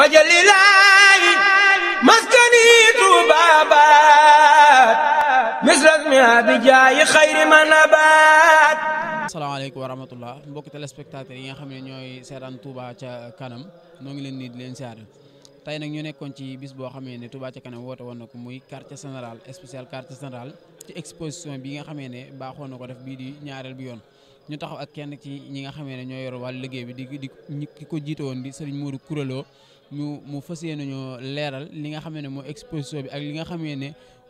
wajalilaayi maskani tuubaabaat misras mi abijaayi xayri ma nabaat asalaamaaleykum wa rahmatullah mbokki téléspectateurs yi nga xam ne ñooy seetaan Touba ca kanam noo ngi leen nii di leen siyaare tey nag ñu nekkoon ci bis boo xamee ne Touba ca kanam woote woon na ko muy quartier général spécial quartier général ci exposition bi nga xamee ne baaxoon na ko def bii di ñaareel bi yoon ñu taxaw ak kenn ci ñi nga xamee ne ñoo yor wàllu liggéey bi di di ki ko jiite woon di sëriñ Modou Kouraloo ñu mu fas yéene ñoo leeral li nga xamee ne moo exposition bi ak li nga xamee ne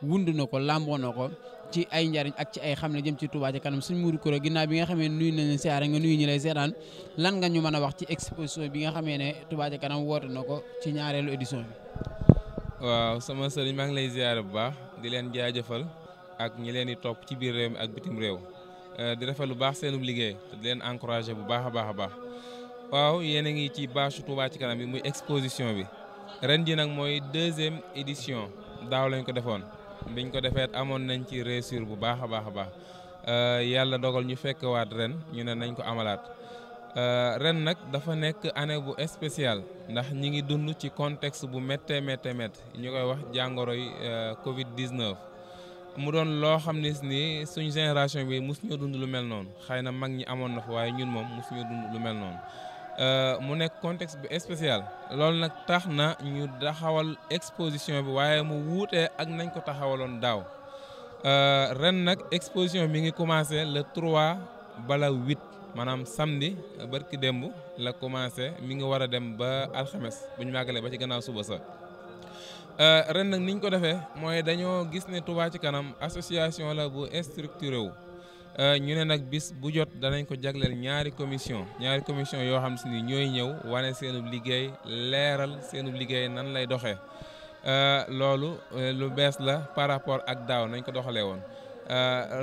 wund na ko làmboo na ko ci ay njariñ ak ci ay xam ne jëm ci Touba Kanam suñ Modou Kouraloo ginnaaw bi nga xamee ne nuyu nañu siyaare nga nuyu ñi lay seetaan lan nga ñu mën a wax ci exposition bi nga xamee ne Touba Ca Kanam woote na ko ci ñaareelu édition bi. waaw sama sëriñ maa ngi lay ziare bu baax di leen jaajëfal ak ñi leen di topp ci biir réew ak bitim réew Euh, di rafet lu baax seenub liggéey te di leen encouragé bu baax a baax a baax waaw yéen a ngi ci bâche Touba ci kanam bi muy exposition bi ren ji nag mooy deuxième édition daaw lañ ko defoon biñ ko defeet amoon nañ ci réussir bu baax a baax a baax euh, yàlla dogal ñu fekk waat ren ñu ne nañ ko amalaat euh, ren nag dafa nekk année bu spéciale ndax ñi ngi dund ci contexte bu méttee méttee méttee ñu koy wax jàngoro jàngoroy Covid 19. mu doon loo xam ne ni suñu génération bi mosuñoo dund lu mel noonu xëy na mag ñi amoon na fa waaye ñun moom mosuñoo dund lu mel noonu euh, mu nekk contexte bi spécial loolu nag tax na ñu taxawal exposition bi waaye mu wuutee ak nañ ko taxawaloon daaw euh, ren nag exposition mi ngi commencé le 3 bala 8 maanaam samedi barki démb la commencé mi ngi war a dem ba alxames bu ñu màggalee ba ci gannaaw suba sa Euh, ren nag niñ ko defee mooy dañoo gis ne Touba ci kanam association la bu structuré wu euh, ñu ne nag bis bu jot danañ ko jagleel ñaari commission ñaari commission yoo xam si ni ñooy ñëw wane seenub liggéey leeral seenub liggéey nan lay doxee euh, loolu lu bees la par rapport ak daaw nañ ko doxalee woon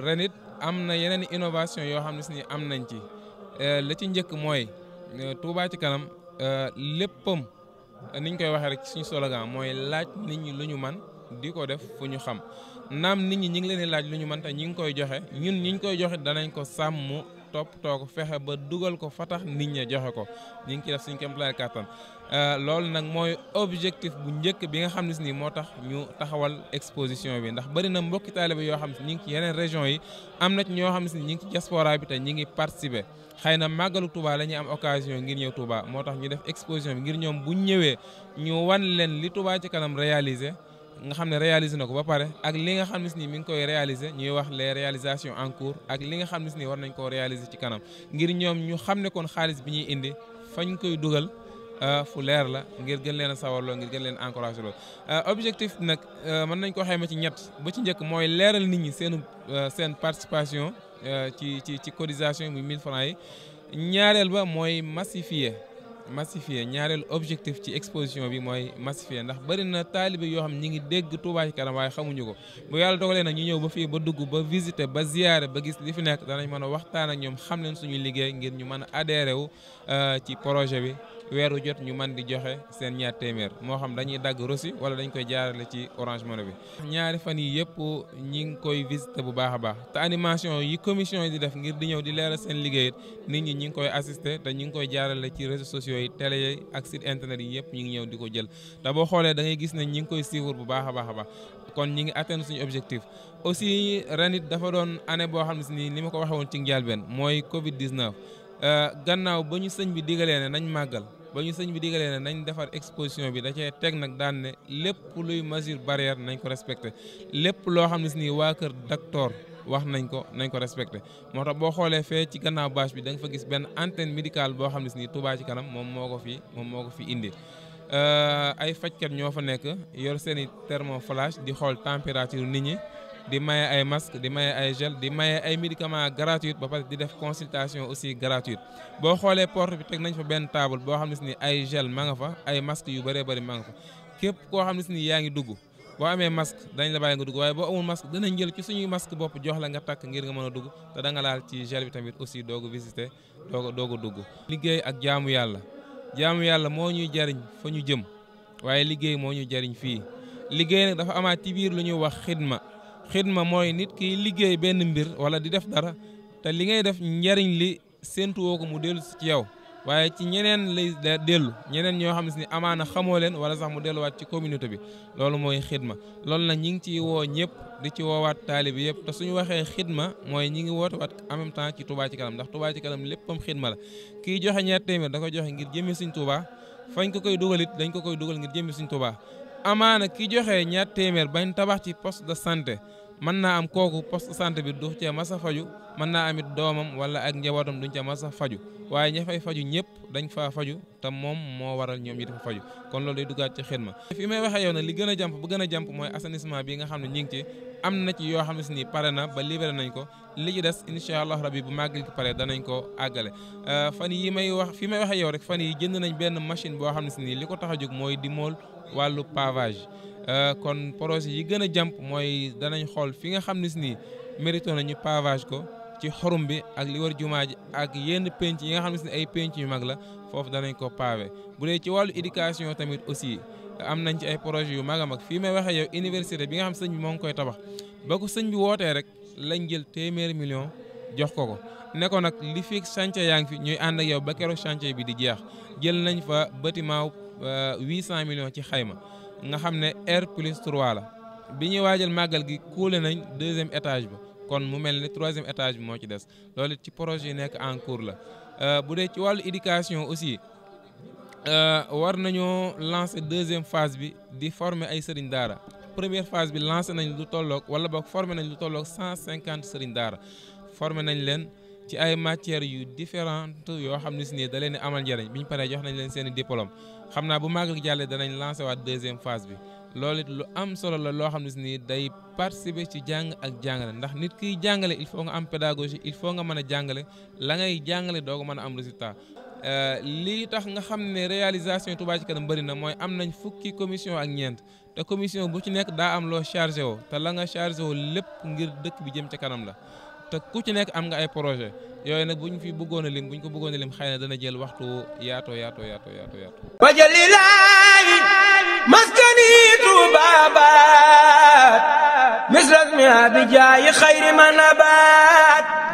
ren it am na yeneen innovation yoo xam ne si ni am nañ ci la ci njëkk mooy Touba ci kanam léppam niñ koy waxee rek suñu slogan mooy laaj nit ñi lu ñu man di ko def fu ñu xam naam nit ñi ñi leen laaj lu ñu man te ñi ngi koy joxe ñun ñi ngi koy joxe danañ ko sàmm topp too ko fexe ba dugal ko fa tax nit ña joxe ko ñu ngi ciy def suñu kéemtalaay kàttan euh, loolu nag mooy objectif bu njëkk bi nga xam ne si ni moo tax ñu taxawal exposition bi ndax bëri na mbokki taalibe yoo xam ne ñu ngi ci yeneen région yi am na ci ñoo xam ne si ñu ngi ci diaspora bi te ñu ngi participer xëy na màggalu tubaa lañuy am occasion ngir ñëw Touba moo tax ñu def exposition bi ngir ñoom bu ñëwee ñu wan leen li Touba ci kanam réaliser. nga xam ne réaliser na ko ba pare ak li nga xam ne si nii mi ngi koy réaliser ñuy wax lee réalisations en cours ak li nga xam ne si nii war nañ ko réaliser ci kanam ngir ñoom ñu xam ne kon xaalis bi ñuy indi fañ koy dugal euh, fu leer la ngir gën leen a sawarloo ngir gën leen encouragé lool euh, objectif nag euh, mën nañ ko xayma ci ñett bu ci njëkk mooy leeral nit ñi seen seen participation ci ci ci cotisation muy 1000 francs yi ñaareel ba mooy massifier massifier ñaareelu objectif ci exposition bi mooy massifier ndax bëri na taalibe yoo xam ñi ngi dégg Touba Kanam waaye xamuñu ko bu yàlla dogalee nag ñu ñëw ba fii ba dugg ba visiter ba ziyaare ba gis li fi nekk danañ mën a waxtaan ak ñoom xam leen suñu liggéey ngir ñu mën a adhéré wu euh, ci projet bi weeru jot ñu man di joxe seen ñaar téeméer moo xam dañuy dagg reçu wala dañ koy jaarale ci Orange Money bi. ñaari fan yi yëpp ñi ngi koy visité bu baax a baax te animation yi commission yi di def ngir di ñëw di leeral seen liggéey nit ñi ñi ngi koy assister te ñu ngi koy jaarale ci réseaux sociaux yi tele yi ak site internet yi yëpp ñi ngi ñëw di ko jël te boo xoolee da gis ne ñu ngi koy suivre bu baax a baax a baax kon ñi ngi atteindre suñu objectif. aussi ren it dafa doon année boo xam ne ni ma ko waxee woon ci njëlbeen mooy Covid 19 euh, gannaaw ba ñu sëñ bi digalee ne nañ màggal. ba ñu sëñ bi digalee ne nañ defar exposition bi da teg nag daan ne lépp luy mesure barrière nañ ko respecté lépp loo xam ne si nii waa kër docteur wax nañ ko nañ ko respecté moo tax boo xoolee fee ci gannaaw bâche bi da fa gis benn antenne médicale boo xam ne si nii Touba ci kanam moom moo ko fi moom moo ko fi indi. Euh, ay fajkat ñoo fa nekk yor seen i thermoflash di xool température nit ñi. di maye ay masque di maye ay gel di maye ay médicaments gratuite ba pare di def consultation aussi gratuite boo xoolee porte bi teg nañ fa benn table boo xam ne si ni ay gel ma nga fa ay masque yu bëree bëri ma nga fa képp koo xam ne si ni yaa ngi dugg boo amee masque dañ la bàyyi nga dugg waaye boo amul masque danañ jël ci suñuy masque bopp jox la nga takk ngir nga mën a dugg te da nga laal ci gel bi tamit aussi doog a visiter doog a doog dugg. liggéey ak jaamu yàlla jaamu yàlla moo ñuy jariñ fa ñu jëm waaye liggéey moo ñuy jariñ fii liggéey nag dafa amaat ci biir lu ñuy wax xidma mooy nit ki liggéey benn mbir wala di def dara te li ngay def njariñ li séentuwoo ko mu dellu si ci yow waaye ci ñeneen lay dellu ñeneen ñoo xam si ne amaana xamoo leen wala sax mu delluwaat ci communauté bi loolu mooy xidma loolu nag ñi ngi ciy woo ñëpp di ci woowaat taalibi yëpp te suñu waxee xidma mooy ñi ngi wootewaat en même temps ci Touba ci kanam ndax Touba ci kanam léppam xidma la kiy joxe ñaar téeméer da koy joxe ngir jëmmi suñ Touba fañ ko koy dugal it dañ ko koy dugal ngir jëmmi suñ Touba amaana ki joxe ñaar téeméer bañ tabax ci poste de santé mën naa am kooku poste sant bi du ca mas a faju mën naa it doomam wala ak njabootam duñ ca mas faju waaye ña fay faju ñëpp dañu faa faju te moom moo waral ñoom ñi dafa faju kon loolu day duggaat ci xidma fi may waxee yow na li gën a jàmp bu gën a jàmp mooy assainissement bi nga xam ne ñu ngi ci am na ci yoo xam ne si nii pare na ba libéré nañ ko li ci des incha allah rabi bu màggal ki pare danañ ko àggale euh, fan yi may wax fi may waxee yow rek fan yi jënd nañ benn machine boo xam ne li ko tax a jóg mooy di mool wàllu pavage Euh, kon projet yi gën a jàmp mooy danañ xool fi nga xam ne si nii mérito nañu pavage ko ci xorum bi ak li war jumaa ji ak yenn penc yi nga xam ne si ay penc yu mag la foofu danañ ko pave bu dee ci wàllu éducation tamit aussi am nañ ci ay projet yu mag a mag fii may waxee yow université bi nga xam sëñ bi moo ngi koy tabax ba ko sëñ bi wootee rek lañ jël téeméeri million jox ko ko ne ko nag li fi chantier yaa ngi fi ñuy ànd ak yow ba keroog chantier bi di jeex jël nañ fa bâtiment 800 euh, millions ci xayma. nga xam ne R plus 3 la bi ñuy waajal màggal gi kuule nañ deuxième étage ba kon mu mel ni troisième étage bi moo ci des loolu ci projet yi nekk en la euh, bu dee ci wàllu éducation aussi euh, war nañoo lancer deuxième phase bi di former ay sëriñ daara première phase bi lancé nañ lu tolloog wala boog formé nañ lu tolloog cent cinquante sëriñ daara formé nañ leen. ci ay matières yu différente yoo xam ne si ne da leen amal njëriñ bi ñu paree jox nañ leen seen i xam naa bu màgg ak jàllee danañ lancer waat deuxième phase bi lool it lu am solo la loo xam ne si ni day participer ci jàng ak jàngale ndax nit kiy jàngale il faut nga am pédagogie il faut nga mën a jàngale la ngay jàngale doo ko mën a am résultat euh, lii tax nga xam ne réalisation Touba ci Kanam bëri na mooy am nañ fukki commission ak ñeent te commission bu ci nekk daa am chargé woo te la nga chargé woo lépp ngir dëkk bi jëm ca kanam la te ku ci nekk am nga ay projet yooyu nag buñ fi bëggoon a lim ko bëggoon a lim xëy na dana jël waxtu yaatoo yaatoo yaatoo yaatoo yaatoo wajalilaayi maskani tuubaabaat misras mi abijaayi xayri manabaat